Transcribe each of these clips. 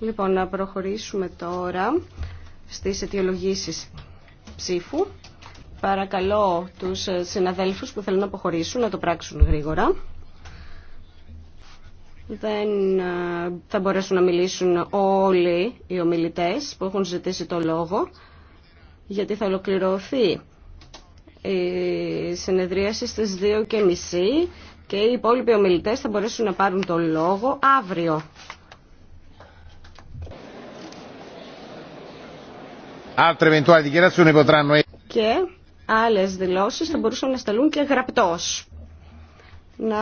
Λοιπόν, να προχωρήσουμε τώρα στις αιτιολογήσεις ψήφου. Παρακαλώ τους συναδέλφους που θέλουν να αποχωρήσουν να το πράξουν γρήγορα. Δεν ε, θα μπορέσουν να μιλήσουν όλοι οι ομιλητές που έχουν ζητήσει το λόγο, γιατί θα ολοκληρωθεί η συνεδρίαση στις 2.30 και οι υπόλοιποι ομιλητές θα μπορέσουν να πάρουν το λόγο αύριο. Και άλλες δηλώσεις θα μπορούσαν να σταλούν και γραπτός. Να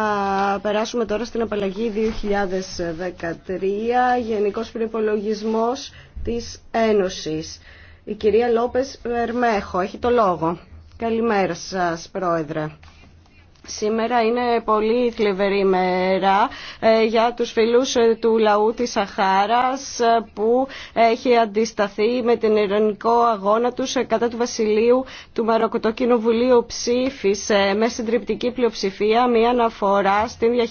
περάσουμε τώρα στην απαλλαγή 2013, Γενικός Προϋπολογισμός της Ένωσης. Η κυρία Λόπες Βερμέχο έχει το λόγο. Καλημέρα σας, Πρόεδρε. Σήμερα είναι πολύ θλιβερή μέρα ε, για τους φίλους ε, του λαού της Σαχάρας ε, που έχει αντισταθεί με την ειρωνικό αγώνα τους κατά του βασιλείου του Μαροκοτοκοινοβουλίου ψήφισε με συντριπτική πλειοψηφία μια αναφορά στην διαχείριση